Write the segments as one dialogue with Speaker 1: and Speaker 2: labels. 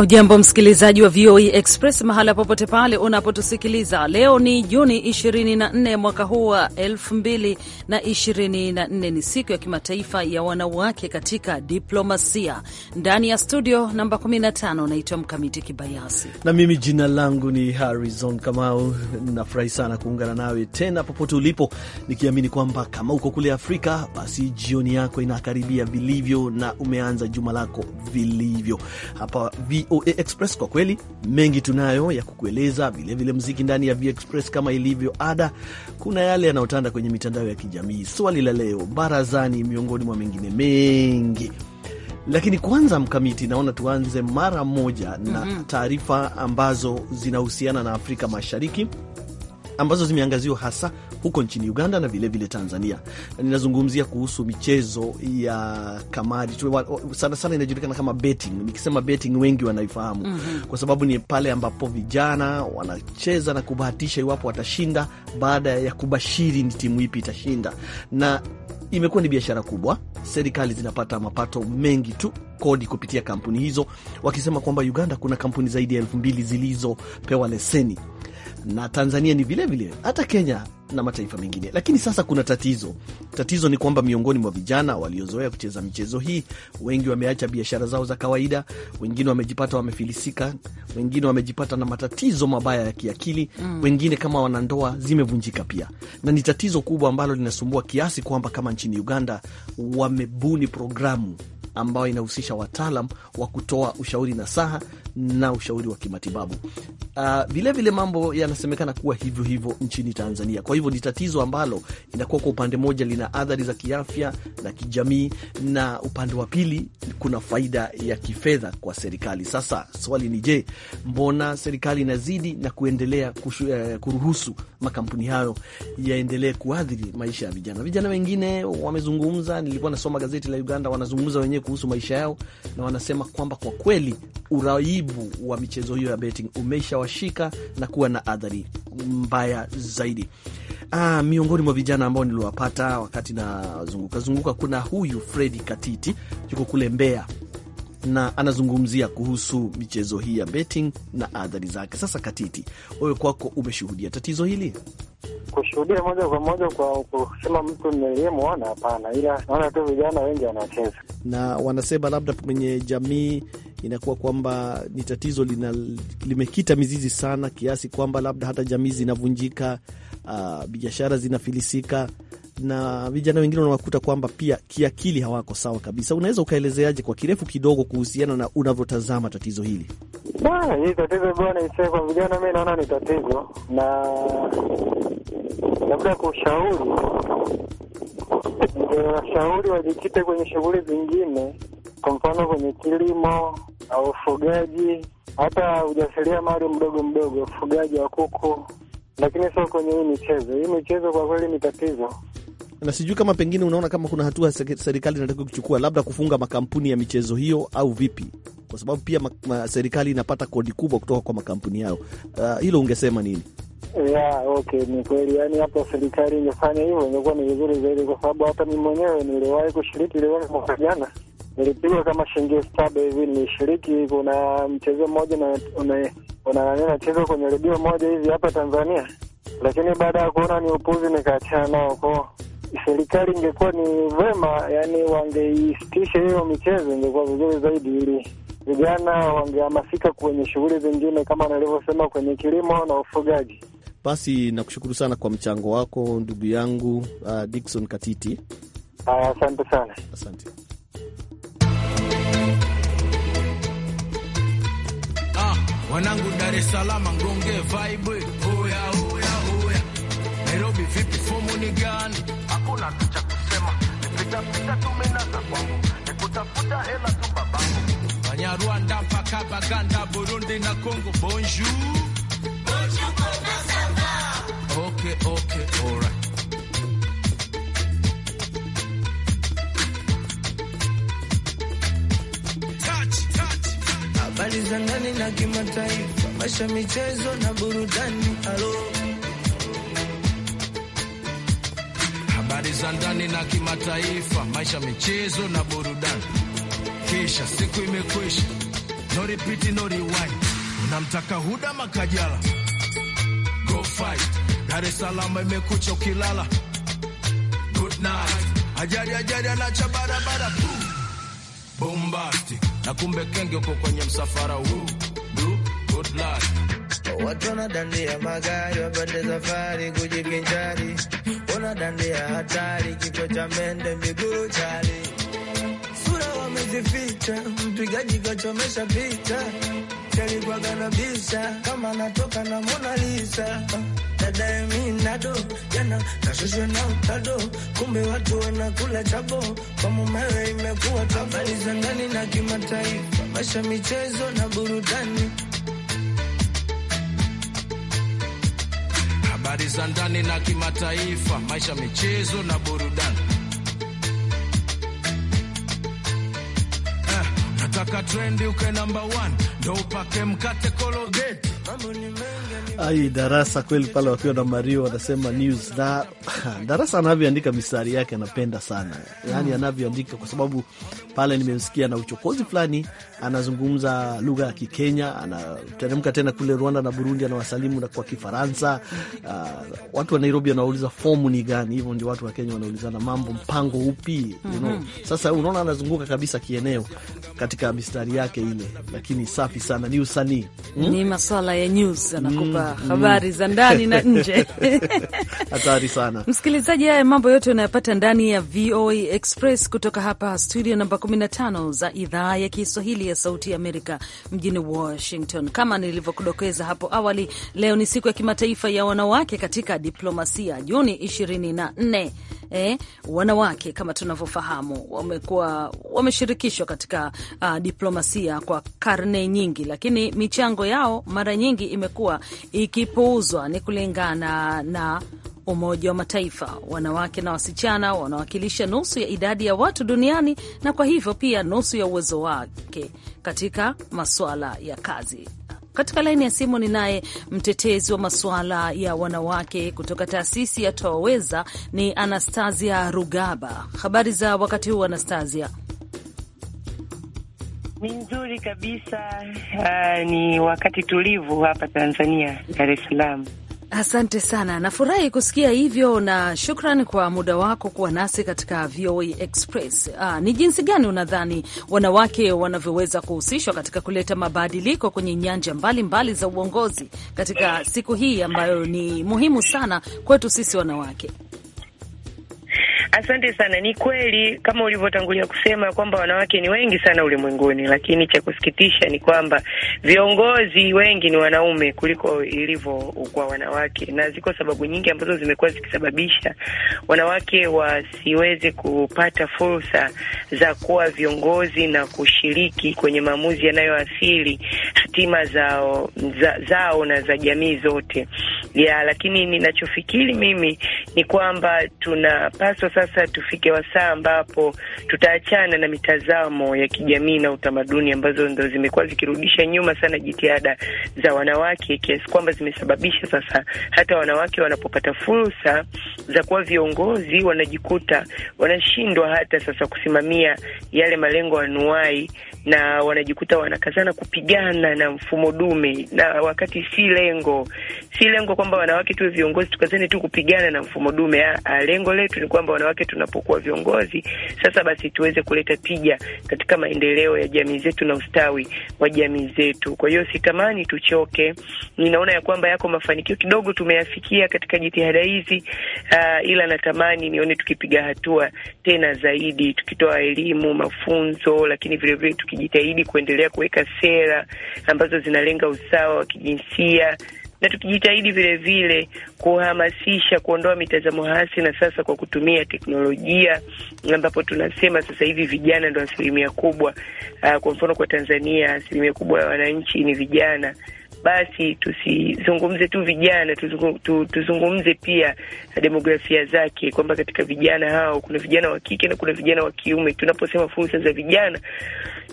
Speaker 1: ujambo msikilizaji wa VOA e Express mahala popote pale unapotusikiliza. Leo ni Juni 24 mwaka huu wa 2024, ni siku ya kimataifa ya wanawake katika diplomasia. Ndani ya studio namba 15 naitwa Mkamiti Kibayasi
Speaker 2: na mimi jina langu ni Harrison Kamau. Nafurahi sana kuungana nawe tena popote ulipo, nikiamini kwamba kama uko kule Afrika, basi jioni yako inakaribia vilivyo na umeanza juma lako vilivyo. Hapa VOA Express. Kwa kweli mengi tunayo ya kukueleza, vilevile mziki ndani ya VOA Express kama ilivyo ada, kuna yale yanayotanda kwenye mitandao ya kijamii, swali la leo, barazani, miongoni mwa mengine mengi. Lakini kwanza, Mkamiti, naona tuanze mara moja na mhm. taarifa ambazo zinahusiana na Afrika Mashariki ambazo zimeangaziwa hasa huko nchini Uganda na vilevile vile Tanzania. Ninazungumzia kuhusu michezo ya kamari sana sana, inajulikana kama betting. Nikisema betting wengi wanaifahamu mm -hmm. kwa sababu ni pale ambapo vijana wanacheza na kubahatisha iwapo watashinda, baada ya kubashiri ni timu ipi itashinda, na imekuwa ni biashara kubwa. Serikali zinapata mapato mengi tu kodi kupitia kampuni hizo, wakisema kwamba Uganda kuna kampuni zaidi ya elfu mbili zilizopewa leseni na Tanzania ni vilevile, hata Kenya na mataifa mengine. Lakini sasa kuna tatizo. Tatizo ni kwamba miongoni mwa vijana waliozoea kucheza michezo hii, wengi wameacha biashara zao za kawaida, wengine wamejipata wamefilisika, wengine wamejipata na matatizo mabaya ya kiakili mm. Wengine kama wanandoa zimevunjika pia, na ni tatizo kubwa ambalo linasumbua kiasi kwamba kama nchini Uganda wamebuni programu ambayo inahusisha wataalam wa kutoa ushauri na saha na ushauri wa kimatibabu. Vilevile ah, uh, vile mambo yanasemekana kuwa hivyo hivyo nchini Tanzania. Kwa hivyo ni tatizo ambalo inakuwa kwa upande mmoja lina adhari za kiafya na kijamii, na upande wa pili kuna faida ya kifedha kwa serikali. Sasa swali ni je, mbona serikali inazidi na kuendelea kushu, uh, kuruhusu makampuni hayo yaendelee kuadhiri maisha ya vijana. Vijana wengine wamezungumza, nilikuwa nasoma gazeti la Uganda, wanazungumza wenyewe kuhusu maisha yao, na wanasema kwamba kwa kweli uraibu wa michezo hiyo ya betting umeshawashika na kuwa na adhari mbaya zaidi. Ah, miongoni mwa vijana ambao niliwapata wakati nazungukazunguka, kuna huyu Fredi Katiti, yuko kule Mbeya na anazungumzia kuhusu michezo hii ya betting na adhari zake. Sasa Katiti, wewe kwako umeshuhudia tatizo hili?
Speaker 3: Kushuhudia moja kwa moja kwa kusema mtu niliyemwona, hapana, ila naona tu vijana wengi wanacheza,
Speaker 2: na wanasema labda kwenye jamii inakuwa kwamba ni tatizo lina, limekita mizizi sana kiasi kwamba labda hata jamii zinavunjika, uh, biashara zinafilisika na vijana wengine unawakuta kwamba pia kiakili hawako sawa kabisa. Unaweza ukaelezeaje kwa kirefu kidogo kuhusiana na unavyotazama tatizo hili?
Speaker 3: Hii tatizo bwana, kwa vijana mi naona ni tatizo, na labda kwa ushauri washauri wajikite kwenye shughuli zingine, kwa mfano kwenye kilimo au ufugaji, hata ujasiria mali mdogo mdogo, ufugaji wa kuku, lakini sio kwenye hii michezo. Hii michezo kwa kweli ni tatizo,
Speaker 2: na sijui kama pengine unaona kama kuna hatua serikali inataka kuchukua, labda kufunga makampuni ya michezo hiyo au vipi? Kwa sababu pia serikali inapata kodi kubwa kutoka kwa makampuni yao. Uh, hilo ungesema nini?
Speaker 3: Yeah, okay, ni kweli. Yani hapo serikali ingefanya hivyo ingekuwa ni vizuri zaidi, kwa sababu hata mimi mwenyewe niliwahi kushiriki, ilikuwa mwaka jana nilipigwa kama shilingi elfu saba hivi nilishiriki. Kuna mchezo mmoja nacheza kwenye redio moja hivi hapa Tanzania, lakini baada ya kuona ni upuzi nikaachana nao kwao serikali ingekuwa ni vema, yani wangeisitisha hiyo michezo, ingekuwa vizuri zaidi, ili vijana wangehamasika kwenye shughuli zingine kama nilivyosema, kwenye kilimo na ufugaji.
Speaker 2: Basi nakushukuru sana kwa mchango wako ndugu yangu, uh, Dikson Katiti.
Speaker 3: Asante sana. Asante.
Speaker 4: Ah, wanangu Dar es Salaam ngonge vibe. Oya, oya, oya. Nairobi vipi fomu ni gani? tatu cha kusema nipitapita tumenaza kwangu nikutafuta hela tu babangu Banyarwanda mpaka Baganda, Burundi na Kongo. Bonjour.
Speaker 5: Habari za ndani na kimataifa,
Speaker 4: maisha, michezo na burudani. Halo. za ndani na kimataifa, maisha, michezo na burudani. Kisha siku imekwisha, no repeat, no rewind. Unamtaka Huda Makajala, go fight. Dar es Salaam imekucha ukilala, good night. Ajari ajari anacha barabara, bombasti, na kumbe kenge uko kwenye msafara huu, good luck watu wanadandia magari wapande safari kujivinjari,
Speaker 5: wanadandia hatari, kifo cha mende miguru chali, sura wamezificha, mpigaji kachomesha picha kalipaganabicha kama natoka na Mona Lisa dadaye minado jana nashushwa na utado, kumbe watu wanakula chapo kwa mumewe, imekuwa tabari za ndani na kimataifa, maisha michezo na burudani
Speaker 4: habari za ndani na kimataifa, maisha, michezo na burudani. Eh, nataka trendi uke namba 1 ndo upake mkate kologeti
Speaker 2: Ai, darasa kweli pale, wakiwa na Mario wanasema news na darasa anavyoandika mistari yake anapenda sana, yaani anavyoandika kwa sababu pale nimemsikia na uchokozi fulani, anazungumza lugha ya Kikenya, anateremka tena kule Rwanda na Burundi, anawasalimu na kwa Kifaransa. Uh, watu wa Nairobi wanauliza fomu ni gani, hivyo ndio watu wa Kenya wanaulizana mambo, mpango upi? mm -hmm. you know? Mm-hmm. Sasa unaona anazunguka kabisa kieneo katika mistari yake ile, lakini safi sana, ni usanii mm? ni
Speaker 1: maswala ya news anakupa mm, mm, habari za ndani na nje
Speaker 2: hatari sana
Speaker 1: msikilizaji. Haya mambo yote unayapata ndani ya VOA Express kutoka hapa studio namba 15 za idhaa ya Kiswahili ya Sauti ya Amerika mjini Washington. Kama nilivyokudokeza hapo awali, leo ni siku ya kimataifa ya wanawake katika diplomasia, Juni 24. Eh, wanawake kama tunavyofahamu wamekuwa wameshirikishwa katika uh, diplomasia kwa karne nyingi, lakini michango yao mara nyingi nyingi imekuwa ikipuuzwa ni kulingana na Umoja wa Mataifa, wanawake na wasichana wanawakilisha nusu ya idadi ya watu duniani na kwa hivyo pia nusu ya uwezo wake katika masuala ya kazi. Katika laini ya simu ninaye mtetezi wa masuala ya wanawake kutoka taasisi ya Toaweza, ni Anastasia Rugaba. Habari za wakati huu, Anastasia?
Speaker 6: Ni nzuri kabisa. Aa, ah, ni wakati tulivu hapa Tanzania, Dar es Salaam.
Speaker 1: Asante sana, nafurahi kusikia hivyo na shukran kwa muda wako kuwa nasi katika VOA e Express. Aa, ah, ni jinsi gani unadhani wanawake wanavyoweza kuhusishwa katika kuleta mabadiliko kwenye nyanja mbalimbali mbali za uongozi katika siku hii ambayo ni muhimu sana kwetu sisi wanawake?
Speaker 6: Asante sana. Ni kweli kama ulivyotangulia kusema kwamba wanawake ni wengi sana ulimwenguni, lakini cha kusikitisha ni kwamba viongozi wengi ni wanaume kuliko ilivyo kwa wanawake, na ziko sababu nyingi ambazo zimekuwa zikisababisha wanawake wasiweze kupata fursa za kuwa viongozi na kushiriki kwenye maamuzi yanayoathiri hatima zao, za, zao na za jamii zote ya, lakini ninachofikiri mimi ni kwamba tunapaswa sasa tufike wasaa ambapo tutaachana na mitazamo ya kijamii na utamaduni ambazo ndo zimekuwa zikirudisha nyuma sana jitihada za wanawake kiasi kwamba zimesababisha sasa hata wanawake wanapopata fursa za kuwa viongozi wanajikuta wanashindwa hata sasa kusimamia yale malengo anuwai na wanajikuta wanakazana kupigana na mfumo dume, na wakati si lengo, si lengo kwamba wanawake tuwe viongozi tukazane tu kupigana na mfumo dume. A, ah, ah, Lengo letu ni kwamba wanawake tunapokuwa viongozi sasa, basi tuweze kuleta tija katika maendeleo ya jamii zetu na ustawi wa jamii zetu. Kwa hiyo sitamani tuchoke, ninaona ya kwamba yako mafanikio kidogo tumeyafikia katika jitihada hizi, uh, ila natamani nione tukipiga hatua tena zaidi, tukitoa elimu, mafunzo, lakini vilevile tuki tukijitahidi kuendelea kuweka sera ambazo zinalenga usawa wa kijinsia na tukijitahidi vile vile kuhamasisha kuondoa mitazamo hasi, na sasa kwa kutumia teknolojia, ambapo tunasema sasa hivi vijana ndo asilimia kubwa. Uh, kwa mfano kwa Tanzania asilimia kubwa ya wananchi ni vijana basi tusizungumze tu vijana, tuzungumze pia demografia zake, kwamba katika vijana hao kuna vijana wa kike na kuna vijana wa kiume. Tunaposema fursa za vijana,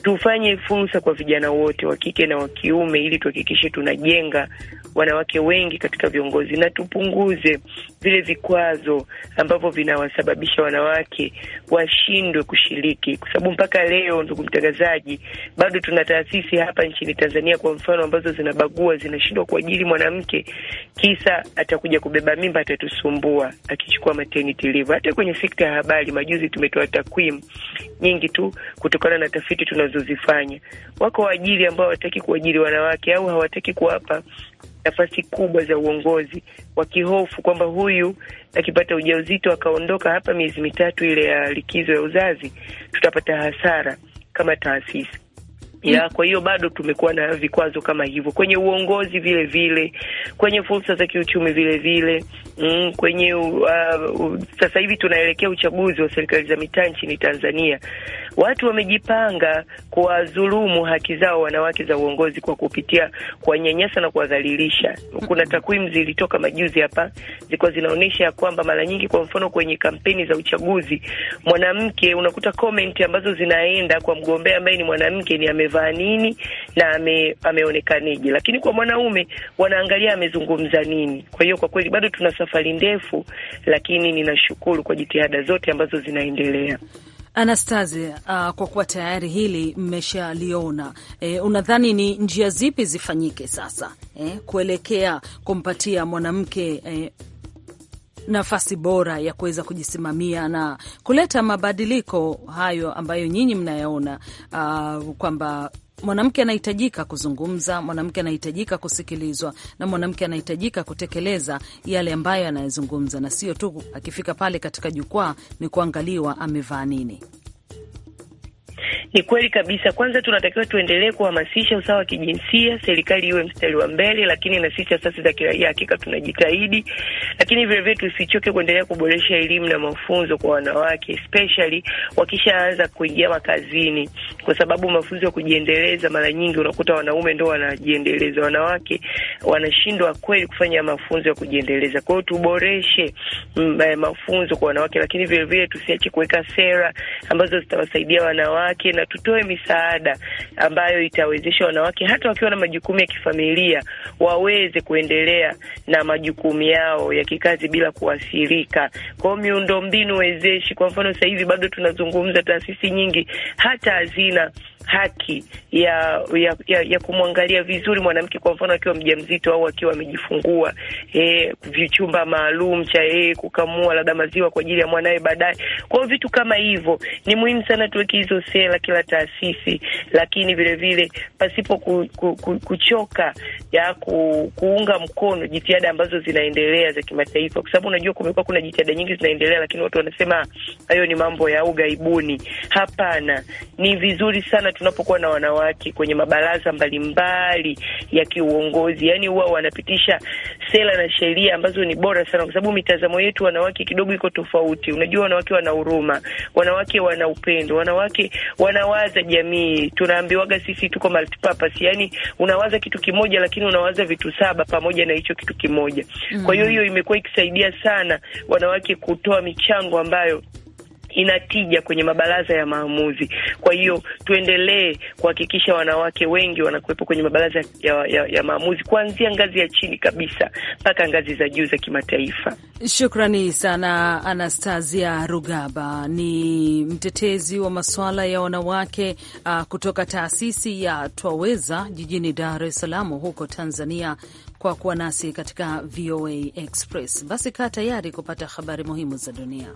Speaker 6: tufanye fursa kwa vijana wote wa kike na wa kiume, ili tuhakikishe tunajenga wanawake wengi katika viongozi, na tupunguze vile vikwazo ambavyo vinawasababisha wanawake washindwe kushiriki, kwa sababu mpaka leo, ndugu mtangazaji, bado tuna taasisi hapa nchini Tanzania kwa mfano ambazo zinabagua, zinashindwa kuajiri mwanamke kisa atakuja kubeba mimba, atatusumbua akichukua maternity leave. Hata kwenye sekta ya habari, majuzi tumetoa takwimu nyingi tu kutokana na tafiti tunazozifanya. Wako waajiri ambao hawataki kuajiri wanawake au hawataki kuwapa nafasi kubwa za uongozi, wakihofu kwamba huyu akipata ujauzito akaondoka hapa miezi mitatu ile ya likizo ya uzazi, tutapata hasara kama taasisi ya mm. kwa hiyo bado tumekuwa na vikwazo kama hivyo kwenye uongozi vile vile, kwenye fursa za kiuchumi vile vile mm, kwenye uh, uh, sasa hivi tunaelekea uchaguzi wa serikali za mitaa nchini Tanzania. Watu wamejipanga kuwadhulumu haki zao wanawake za uongozi kwa kupitia kuwanyanyasa na kuwadhalilisha. Kuna takwimu zilitoka majuzi hapa zilikuwa zinaonyesha kwamba mara nyingi, kwa mfano, kwenye kampeni za uchaguzi mwanamke, unakuta comment ambazo zinaenda kwa mgombea ambaye ni mwanamke ni ame amevaa nini na ame, ameonekanije, lakini kwa mwanaume wanaangalia amezungumza nini. Kwa hiyo kwa kweli bado tuna safari ndefu, lakini ninashukuru kwa jitihada zote ambazo zinaendelea.
Speaker 1: Anastasia, uh, kwa kuwa tayari hili mmeshaliona, e, unadhani ni njia zipi zifanyike sasa, e, kuelekea kumpatia mwanamke e, nafasi bora ya kuweza kujisimamia na kuleta mabadiliko hayo ambayo nyinyi mnayaona, uh, kwamba mwanamke anahitajika kuzungumza, mwanamke anahitajika kusikilizwa, na mwanamke anahitajika kutekeleza yale ambayo anayezungumza, na sio tu akifika pale katika jukwaa ni kuangaliwa amevaa nini. Ni kweli kabisa. Kwanza tunatakiwa tuendelee kuhamasisha usawa wa kijinsia, serikali iwe mstari wa
Speaker 6: mbele, lakini na sisi asasi za kiraia hakika tunajitahidi, lakini vilevile tusichoke kuendelea kuboresha elimu na mafunzo kwa wanawake, especially wakishaanza kuingia makazini, kwa sababu mafunzo ya kujiendeleza mara nyingi unakuta wanaume ndo wanajiendeleza, wanawake wanashindwa kweli kufanya mafunzo ya kujiendeleza. Kwa hiyo tuboreshe mm, eh, mafunzo kwa wanawake, lakini vilevile tusiache kuweka sera ambazo zitawasaidia wanawake wanawake na tutoe misaada ambayo itawezesha wanawake hata wakiwa na majukumu ya kifamilia waweze kuendelea na majukumu yao ya kikazi bila kuathirika. Kwa hiyo miundombinu wezeshi, kwa mfano sasa hivi bado tunazungumza, taasisi nyingi hata hazina haki ya ya, ya, ya kumwangalia vizuri mwanamke, kwa mfano akiwa mjamzito au akiwa amejifungua, e, vichumba maalum cha yeye eh, kukamua labda maziwa kwa ajili ya mwanawe baadaye. Kwa hiyo vitu kama hivyo ni muhimu sana tuweke hizo sera kila taasisi, lakini vile vile pasipo ku, ku, ku, kuchoka ya ku, kuunga mkono jitihada ambazo zinaendelea za kimataifa, kwa sababu unajua kumekuwa kuna jitihada nyingi zinaendelea, lakini watu wanasema hayo ni mambo ya ugaibuni. Hapana, ni vizuri sana tunapokuwa na wanawake kwenye mabaraza mbalimbali ya kiuongozi, yani huwa wanapitisha sera na sheria ambazo ni bora sana, kwa sababu mitazamo yetu wanawake kidogo iko tofauti. Unajua, wanawake wana huruma, wanawake wana upendo, wanawake wanawaza jamii. Tunaambiwaga sisi tuko multipurpose, yani unawaza kitu kimoja, lakini unawaza vitu saba pamoja na hicho kitu kimoja. Kwa hiyo mm. hiyo imekuwa ikisaidia sana wanawake kutoa michango ambayo inatija kwenye mabaraza ya maamuzi. Kwa hiyo tuendelee kuhakikisha wanawake wengi wanakuwepo kwenye mabaraza ya, ya, ya maamuzi kuanzia ngazi ya chini kabisa mpaka ngazi za juu za kimataifa.
Speaker 1: Shukrani sana Anastasia Rugaba, ni mtetezi wa masuala ya wanawake uh, kutoka taasisi ya Twaweza jijini Dar es Salaam huko Tanzania kwa kuwa nasi katika VOA Express. Basi kaa tayari kupata habari muhimu za dunia.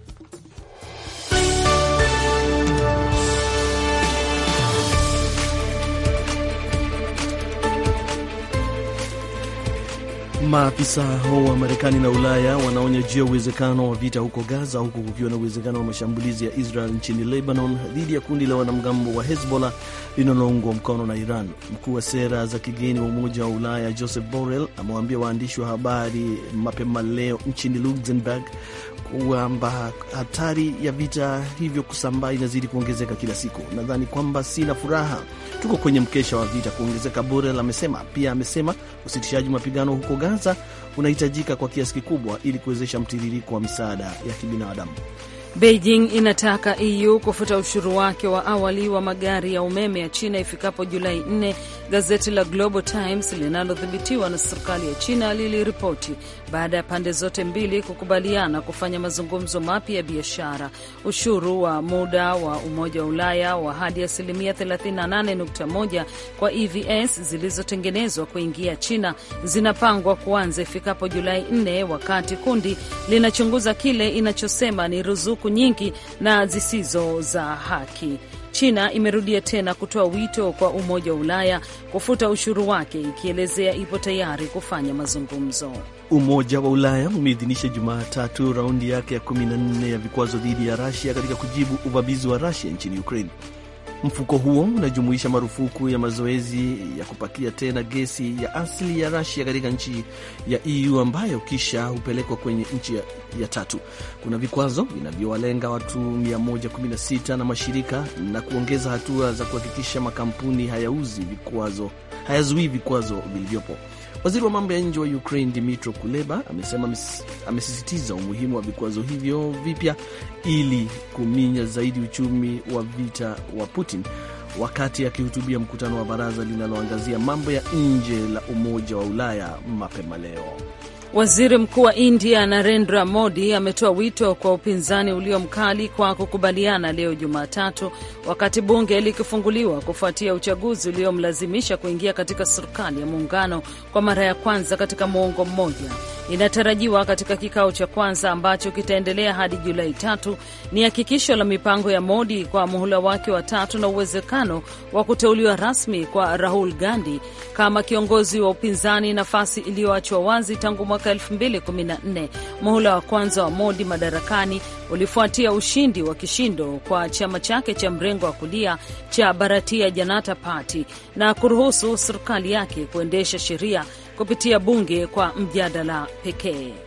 Speaker 2: Maafisa wa Marekani na Ulaya wanaonya juu ya uwezekano wa vita huko Gaza, huku kukiwa na uwezekano wa mashambulizi ya Israel nchini Lebanon dhidi ya kundi la wanamgambo wa Hezbollah linaloungwa mkono na Iran. Mkuu wa sera za kigeni wa Umoja wa Ulaya Joseph Borrell amewaambia waandishi wa habari mapema leo nchini Luxembourg kwamba hatari ya vita hivyo kusambaa inazidi kuongezeka kila siku. Nadhani kwamba sina furaha tuko kwenye mkesha wa vita kuongezeka, la amesema. Pia amesema usitishaji mapigano huko Gaza unahitajika kwa kiasi kikubwa ili kuwezesha mtiririko wa misaada ya kibinadamu.
Speaker 1: Beijing inataka EU kufuta ushuru wake wa awali wa magari ya umeme ya China ifikapo Julai 4, gazeti la Global Times linalodhibitiwa na serikali ya China liliripoti baada ya pande zote mbili kukubaliana kufanya mazungumzo mapya ya biashara. Ushuru wa muda wa Umoja wa Ulaya wa hadi asilimia 38.1 kwa EVs zilizotengenezwa kuingia China zinapangwa kuanza ifikapo Julai 4, wakati kundi linachunguza kile inachosema ni ruzuku siku nyingi na zisizo za haki. China imerudia tena kutoa wito kwa Umoja wa Ulaya kufuta ushuru wake ikielezea ipo tayari kufanya mazungumzo.
Speaker 2: Umoja wa Ulaya umeidhinisha Jumatatu raundi yake ya 14 ya vikwazo dhidi ya Rasia katika kujibu uvamizi wa Rasia nchini Ukraine. Mfuko huo unajumuisha marufuku ya mazoezi ya kupakia tena gesi ya asili ya Rasia katika nchi ya EU ambayo kisha hupelekwa kwenye nchi ya, ya tatu. Kuna vikwazo vinavyowalenga watu 116 na mashirika na kuongeza hatua za kuhakikisha makampuni hayauzi vikwazo hayazuii vikwazo vilivyopo. Waziri wa mambo ya nje wa Ukraine Dmytro Kuleba amesema amesisitiza umuhimu wa vikwazo hivyo vipya ili kuminya zaidi uchumi wa vita wa Putin wakati akihutubia mkutano wa baraza linaloangazia mambo ya nje la Umoja wa Ulaya mapema leo.
Speaker 1: Waziri Mkuu wa India Narendra Modi ametoa wito kwa upinzani ulio mkali kwa kukubaliana leo Jumatatu, wakati bunge likifunguliwa kufuatia uchaguzi uliomlazimisha kuingia katika serikali ya muungano kwa mara ya kwanza katika muongo mmoja. Inatarajiwa katika kikao cha kwanza ambacho kitaendelea hadi Julai tatu ni hakikisho la mipango ya Modi kwa muhula wake wa tatu na uwezekano wa kuteuliwa rasmi kwa Rahul Gandhi kama kiongozi wa upinzani, nafasi iliyoachwa wazi tangu mwaka 2014. Muhula wa kwanza wa Modi madarakani ulifuatia ushindi wa kishindo kwa chama chake cha mrengo wa kulia cha Bharatiya Janata Party na kuruhusu serikali yake kuendesha sheria kupitia bunge kwa mjadala pekee.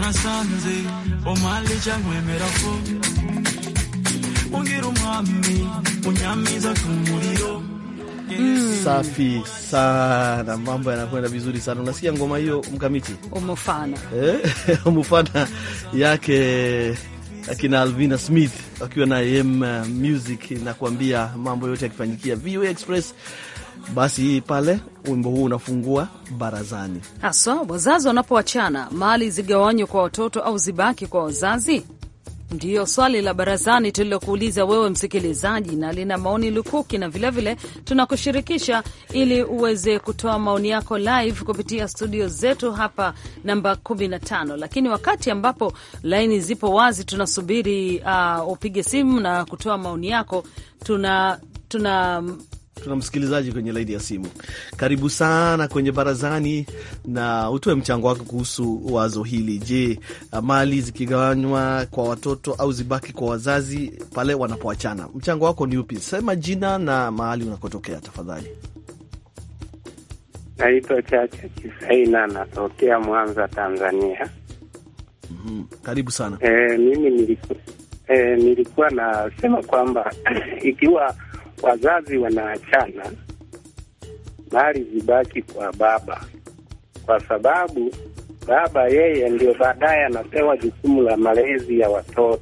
Speaker 5: yarasanze omali kyagwemerako ungira umwami unyamiza ku muriro
Speaker 1: Mm.
Speaker 2: Safi sana, mambo yanakwenda vizuri sana. Unasikia ngoma hiyo mkamiti
Speaker 1: umufana
Speaker 2: eh? umufana yake akina Alvina Smith wakiwa na M Music na kuambia mambo yote yakifanyikia VOA Express basi pale wimbo huu unafungua barazani
Speaker 1: haswa. Wazazi wanapoachana, mali zigawanywe kwa watoto au zibaki kwa wazazi? Ndiyo swali la barazani tulilokuuliza wewe msikilizaji, na lina maoni lukuki, na vilevile tunakushirikisha ili uweze kutoa maoni yako live kupitia studio zetu hapa namba 15. Lakini wakati ambapo laini zipo wazi, tunasubiri uh, upige simu na kutoa maoni yako, tuna tuna
Speaker 2: Tuna msikilizaji kwenye laini ya simu. Karibu sana kwenye barazani na utoe mchango wako kuhusu wazo hili. Je, mali zikigawanywa kwa watoto au zibaki kwa wazazi pale wanapoachana, mchango wako ni upi? Sema jina na mahali unakotokea tafadhali.
Speaker 7: Naitwa Chacha Kisaina, natokea Mwanza, Tanzania.
Speaker 2: Mm -hmm. Karibu sana.
Speaker 7: E, mimi nilikuwa, e, nilikuwa nasema kwamba ikiwa wazazi wanaachana, mali zibaki kwa baba, kwa sababu baba yeye ndio baadaye anapewa jukumu la malezi ya watoto.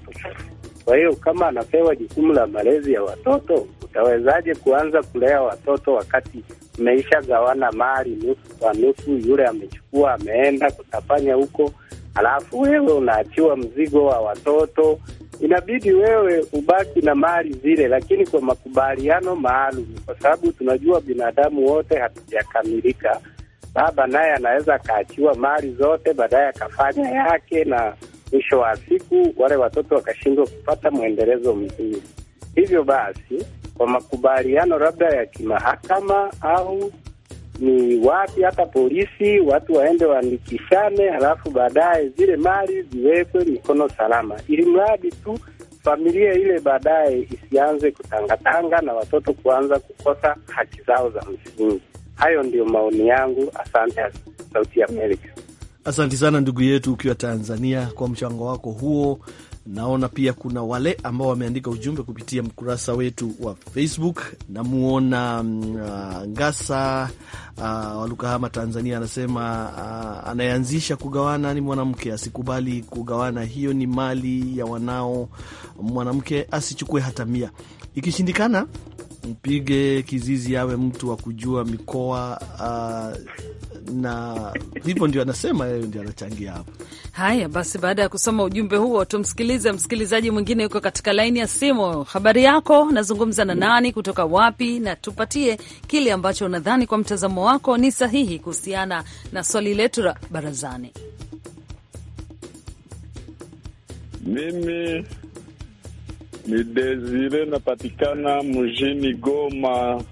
Speaker 7: Kwa hiyo kama anapewa jukumu la malezi ya watoto, utawezaje kuanza kulea watoto wakati meisha gawana mali nusu kwa nusu? Yule amechukua ameenda kutafanya huko alafu wewe unaachiwa mzigo wa watoto, inabidi wewe ubaki na mali zile, lakini kwa makubaliano maalum, kwa sababu tunajua binadamu wote hatujakamilika. Baba naye anaweza akaachiwa mali zote, baadaye akafanya yake, na mwisho wa siku wale watoto wakashindwa kupata mwendelezo mzuri. Hivyo basi, kwa makubaliano labda ya kimahakama au ni wapi, hata polisi, watu waende waandikishane, halafu baadaye zile mali ziwekwe mikono salama, ili mradi tu familia ile baadaye isianze kutangatanga na watoto kuanza kukosa haki zao za msingi. Hayo ndiyo maoni yangu. Asante Sauti ya Amerika.
Speaker 2: Asante sana ndugu yetu ukiwa Tanzania kwa mchango wako huo. Naona pia kuna wale ambao wameandika ujumbe kupitia mkurasa wetu wa Facebook. Namuona uh, Ngasa uh, Walukahama, Tanzania, anasema uh, anayeanzisha kugawana ni mwanamke, asikubali kugawana, hiyo ni mali ya wanao. Mwanamke asichukue hata mia, ikishindikana mpige kizizi, awe mtu wa kujua mikoa uh, na hivyo ndio anasema yeye ndio anachangia hapo.
Speaker 1: Haya basi, baada ya kusoma ujumbe huo, tumsikilize msikilizaji mwingine yuko katika laini ya simu. Habari yako, nazungumza na nani, kutoka wapi, na tupatie kile ambacho unadhani kwa mtazamo wako ni sahihi kuhusiana na swali letu la barazani.
Speaker 8: Mimi ni Desire, napatikana mjini Goma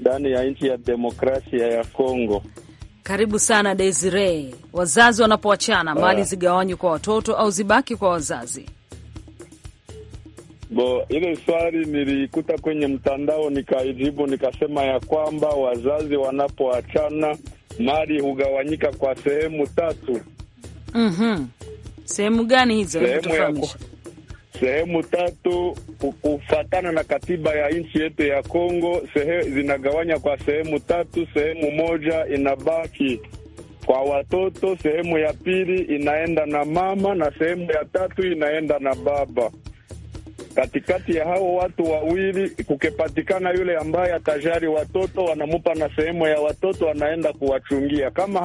Speaker 8: ndani ya nchi ya demokrasia ya Kongo.
Speaker 1: Karibu sana Desire. Wazazi wanapoachana ah. mali zigawanywe kwa watoto au zibaki kwa wazazi?
Speaker 8: Bo, ile swali nilikuta kwenye mtandao nikaijibu nikasema ya kwamba wazazi wanapoachana mali hugawanyika kwa sehemu tatu.
Speaker 1: mm -hmm. Sehemu gani hizo? Sehemu ya,
Speaker 8: Sehemu tatu kufatana na katiba ya nchi yetu ya Kongo sehe, zinagawanya kwa sehemu tatu. Sehemu moja inabaki kwa watoto, sehemu ya pili inaenda na mama na sehemu ya tatu inaenda na baba. Katikati ya hao watu wawili kukepatikana yule ambaye atajari watoto, wanamupa na sehemu ya watoto, anaenda kuwachungia. Kama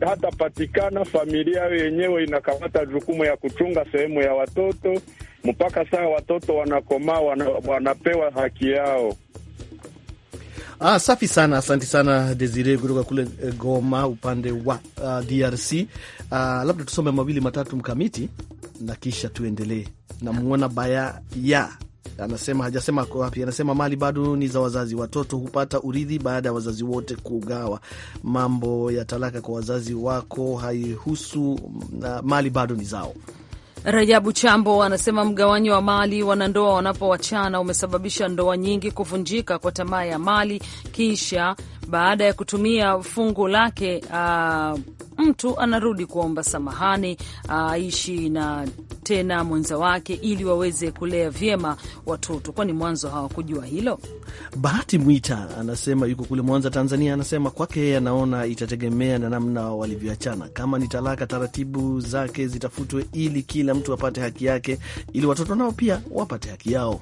Speaker 8: hatapatikana hata familia yenyewe inakamata jukumu ya kuchunga sehemu ya watoto mpaka saa watoto wanakomaa wana, wanapewa haki yao.
Speaker 2: Ah, safi sana, asanti sana Desire kutoka kule eh, Goma upande wa uh, ah, DRC. Uh, ah, labda tusome mawili matatu mkamiti na kisha tuendelee. Namwona baya ya anasema hajasema ako wapi. Anasema mali bado ni za wazazi, watoto hupata urithi baada ya wazazi wote kugawa. Mambo ya talaka kwa wazazi wako haihusu, mm, mali bado ni zao.
Speaker 1: Rajabu Chambo anasema mgawanyo wa mali wanandoa wanapowachana umesababisha ndoa nyingi kuvunjika kwa tamaa ya mali kisha baada ya kutumia fungu lake uh, mtu anarudi kuomba samahani ah, aishi uh, na tena mwenza wake ili waweze kulea vyema watoto, kwani mwanzo hawakujua hilo.
Speaker 2: Bahati Mwita anasema yuko kule Mwanza, Tanzania. Anasema kwake yeye anaona itategemea na namna walivyoachana. Kama ni talaka, taratibu zake zitafutwe ili kila mtu apate haki yake, ili watoto nao pia wapate haki yao.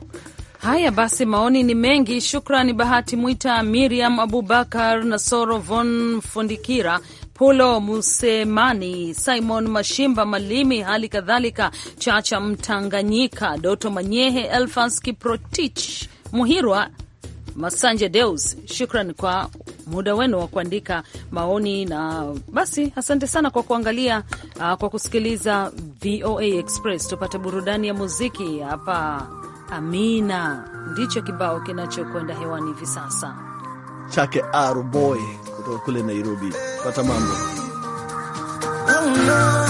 Speaker 1: Haya basi, maoni ni mengi. Shukrani Bahati Mwita, Miriam Abubakar, Nasoro Von Fundikira, Pulo Musemani, Simon Mashimba Malimi, hali kadhalika Chacha Mtanganyika, Doto Manyehe, Elfans Kiprotich Muhirwa, Masanje Deus, shukran kwa muda wenu wa kuandika maoni. Na basi asante sana kwa kuangalia, uh, kwa kusikiliza VOA Express. Tupate burudani ya muziki hapa. Amina ndicho kibao kinachokwenda hewani hivi sasa
Speaker 2: chake Aru Boy kutoka kule Nairobi. Pata mambo
Speaker 1: oh,
Speaker 5: no.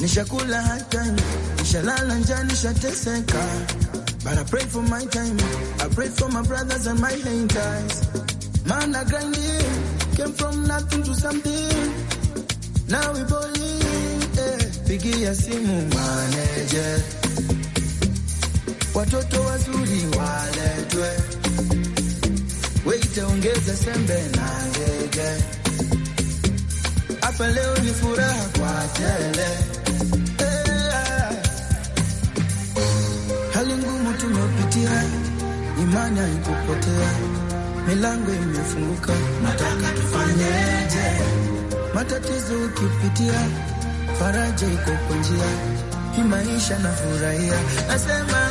Speaker 5: Nishakula high time, nishalala njaa, nishateseka but I pray for my time, I pray for my brothers and my haters. Man, I grind it, came from nothing to something. Now we ball pigia simu maneje, watoto wazuri waletwe, weite ongeze sembe na ngege. Hapa leo ni furaha kwa tele, eh, hali ngumu tumepitia, imani haikupotea milango imefunguka, nataka tufanyeje? Matatizo ukipitia faraja iko kwa njia maisha na furahia nasema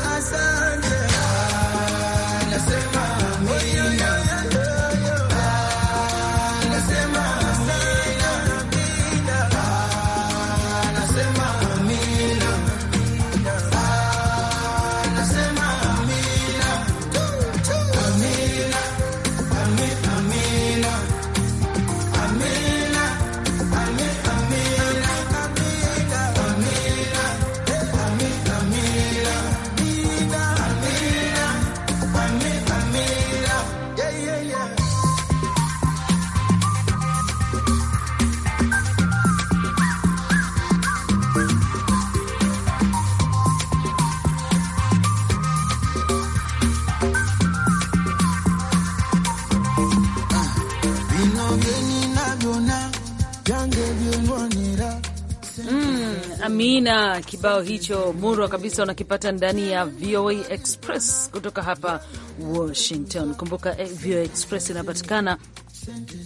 Speaker 1: Amina. Kibao hicho murwa kabisa unakipata ndani ya VOA Express kutoka hapa Washington. Kumbuka eh, VOA Express inapatikana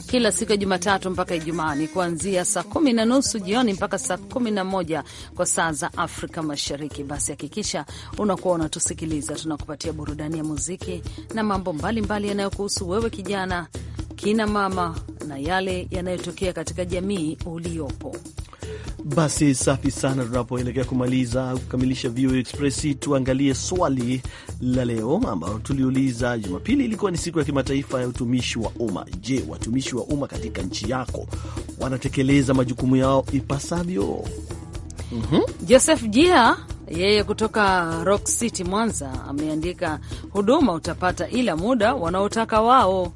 Speaker 1: kila siku ya Jumatatu mpaka Ijumaa ni kuanzia saa kumi na nusu jioni mpaka saa kumi na moja kwa saa za Afrika Mashariki. Basi hakikisha unakuwa unatusikiliza, tunakupatia burudani ya muziki na mambo mbalimbali yanayokuhusu wewe kijana, kina mama na yale yanayotokea katika jamii uliopo.
Speaker 2: Basi safi sana, tunapoelekea kumaliza kukamilisha VOA Express, tuangalie swali la leo ambalo tuliuliza Jumapili. Ilikuwa ni siku ya kimataifa ya utumishi wa umma. Je, watumishi wa umma katika nchi yako wanatekeleza majukumu yao ipasavyo? mm -hmm.
Speaker 1: Joseph Jia yeye kutoka Rock City Mwanza ameandika, huduma utapata ila muda wanaotaka wao.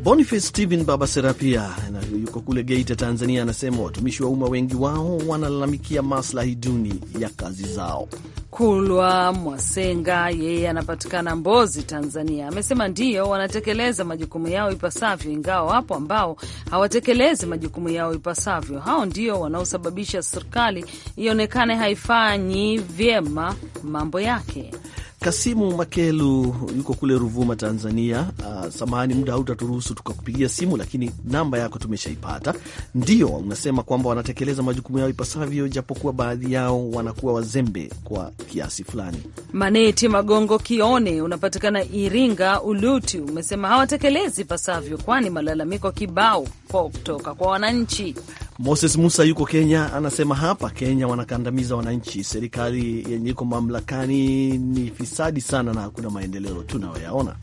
Speaker 2: Boniface Stephen Baba Serapia yuko kule Geita, Tanzania, anasema watumishi wa umma wengi wao wanalalamikia maslahi duni ya kazi zao.
Speaker 1: Kulwa Mwasenga yeye anapatikana Mbozi, Tanzania, amesema ndiyo wanatekeleza majukumu yao ipasavyo, ingawa wapo ambao hawatekelezi majukumu yao ipasavyo. Hao ndio wanaosababisha serikali ionekane haifanyi vyema mambo yake.
Speaker 2: Kasimu Makelu yuko kule Ruvuma, Tanzania. Uh, samahani, muda hautaturuhusu tukakupigia simu, lakini namba yako tumeshaipata. Ndio unasema kwamba wanatekeleza majukumu yao ipasavyo, japokuwa baadhi yao wanakuwa wazembe kwa kiasi fulani.
Speaker 1: Maneti Magongo Kione unapatikana Iringa Uluti, umesema hawatekelezi pasavyo, kwani malalamiko kibao kutoka kwa wananchi.
Speaker 2: Moses Musa yuko Kenya, anasema hapa Kenya wanakandamiza wananchi. Serikali yenye iko mamlakani ni fisadi sana na hakuna maendeleo tunayoyaona.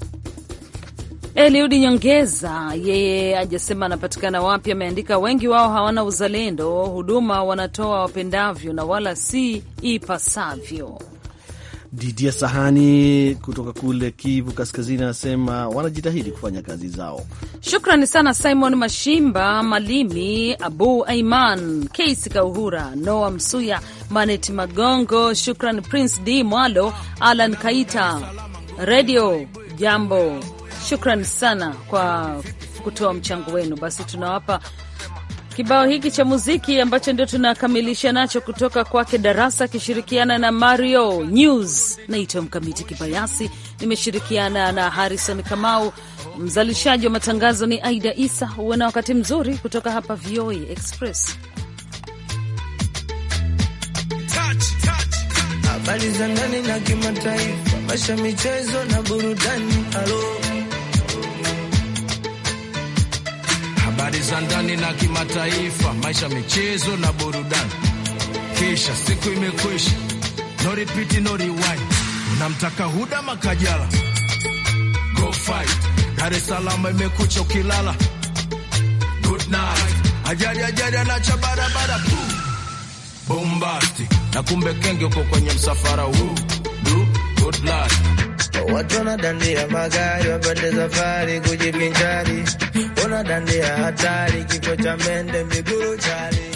Speaker 1: eliud Nyongeza yeye ajasema anapatikana wapi, ameandika wengi wao hawana uzalendo, huduma wanatoa wapendavyo na wala si ipasavyo.
Speaker 2: Didia Sahani kutoka kule Kivu Kaskazini anasema wanajitahidi kufanya kazi zao.
Speaker 1: Shukrani sana Simon Mashimba, Malimi Abu Aiman, kasi Kauhura, Noa Msuya, Manet Magongo, shukran Prince D Mwalo, Alan Kaita, redio Jambo, shukran sana kwa kutoa mchango wenu. Basi tunawapa Kibao hiki cha muziki ambacho ndio tunakamilisha nacho kutoka kwake Darasa akishirikiana na Mario News. Naitwa Mkamiti Kibayasi, nimeshirikiana na Harrison Kamau. Mzalishaji wa matangazo ni Aida Isa. Huwe na wakati mzuri kutoka hapa VOA Express.
Speaker 5: Habari za ndani na kimataifa, maisha, michezo na burudani. Halo
Speaker 4: habari za ndani na kimataifa, maisha, michezo na burudani. Kisha siku imekwisha, no repeat, no rewind. Unamtaka Huda Makajala, go fight. Dar es Salaam imekucha ukilala, good night. Ajali ajali anacha barabara, bombasti na kumbe kenge uko kwenye msafara huu, good luck
Speaker 5: watu wanadandia magari wapande safari kujivinjari, wanadandia hatari, kifo cha mende miguru chali